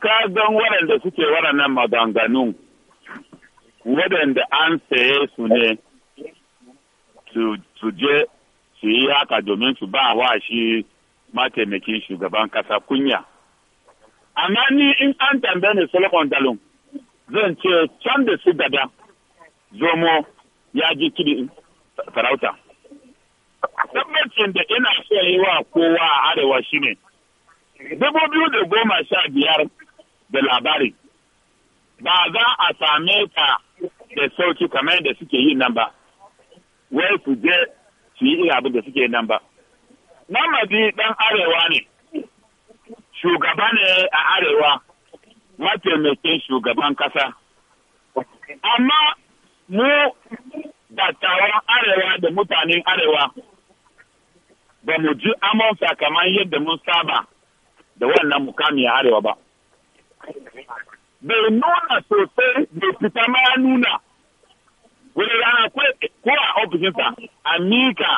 ka gan waɗanda suke waɗannan maganganu waɗanda an saye su ne su je su yi haka domin su ba wa shi mataimakin shugaban kasa kunya. Amma ni in an tambaye ni Solomon Dalun zan ce can da su gada zomo ya ji kidi farauta. Tabbacin da ina so yi wa kowa a arewa shi ne. Dubu biyu da goma sha biyar da labari e e e ba za a same ta da sauki kamar da suke yi nan ba wai su je su yi abu da suke nan ba namadi dan arewa ne shugaba ne a arewa mataimakin shugaban kasa amma mu dattawan arewa da mutanen arewa ba mu ji amonsa kamar yadda mun saba da wannan mukami a arewa ba bai nuna sosai bai fita ma nuna wani rana ko a ofishinsa a mika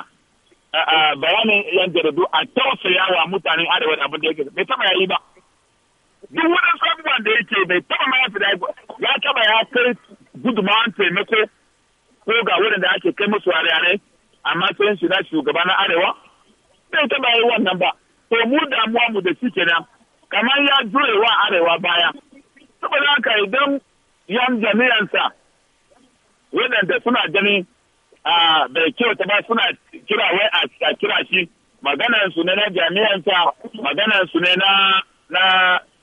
bayanin yan jaridu a tausaya wa arewa da abin da yake bai taba yayi ba duk wani sabuwan da yake bai taba ma ya fita ya ya ko ga ake kai musu amma na shugaba na arewa bai taba yi wannan ba to mu kamar ya jure wa arewa baya saboda haka idan yan jami'ansa waɗanda suna gani a bai kyauta ba suna kira wai a kira shi su ne na jami'ansa maganan su ne na na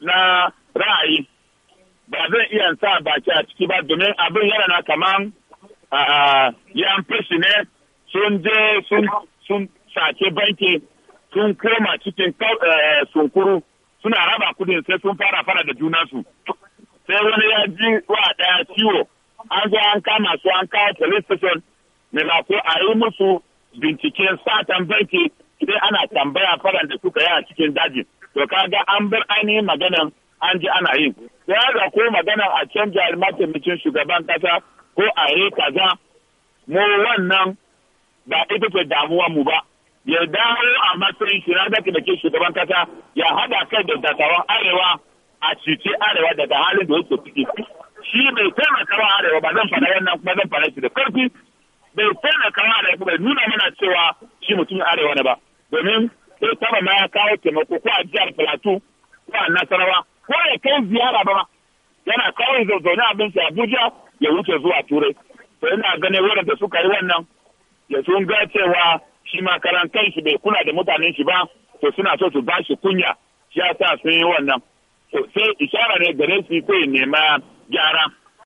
na ra'ayi ba zan iya sa baki a ciki ba domin abin yana na kaman yan fashi ne sun je sun sake banki sun koma cikin eh, sunkuru suna raba kudin sai sun fara fara da juna su sai wani ya ji wa daya ciwo an zo an kama su an kawo police station mai ko a yi musu bincike satan banki sai ana tambaya faran da suka yi a cikin daji to kaga an bar ainihin maganan an ji ana yi sai ga ko maganan a canja mataimakin shugaban kasa ko a yi kaza mu wannan ba ita ce damuwa mu ba ya dawo a matsayin shi da ke shugaban kasa ya hada kai da dattawan arewa a cice arewa daga halin da yake ciki shi bai taimaka wa arewa ba zan fara wannan kuma zan fara shi da karfi bai taimaka wa arewa bai nuna mana cewa shi mutum arewa ne ba domin bai taba ma ya kawo taimako ko a jihar plateau ko a nasarawa ko ya kai ziyara ba yana kawai zaune abinci abuja ya wuce zuwa turai to ina ganin wurin da suka yi wannan ya sun ga cewa shi ma karan kanshi bai kula da mutanen shi ba to suna so su ba shi kunya shi ya sa sun yi wannan sai ishara ne gare su ko nema gyara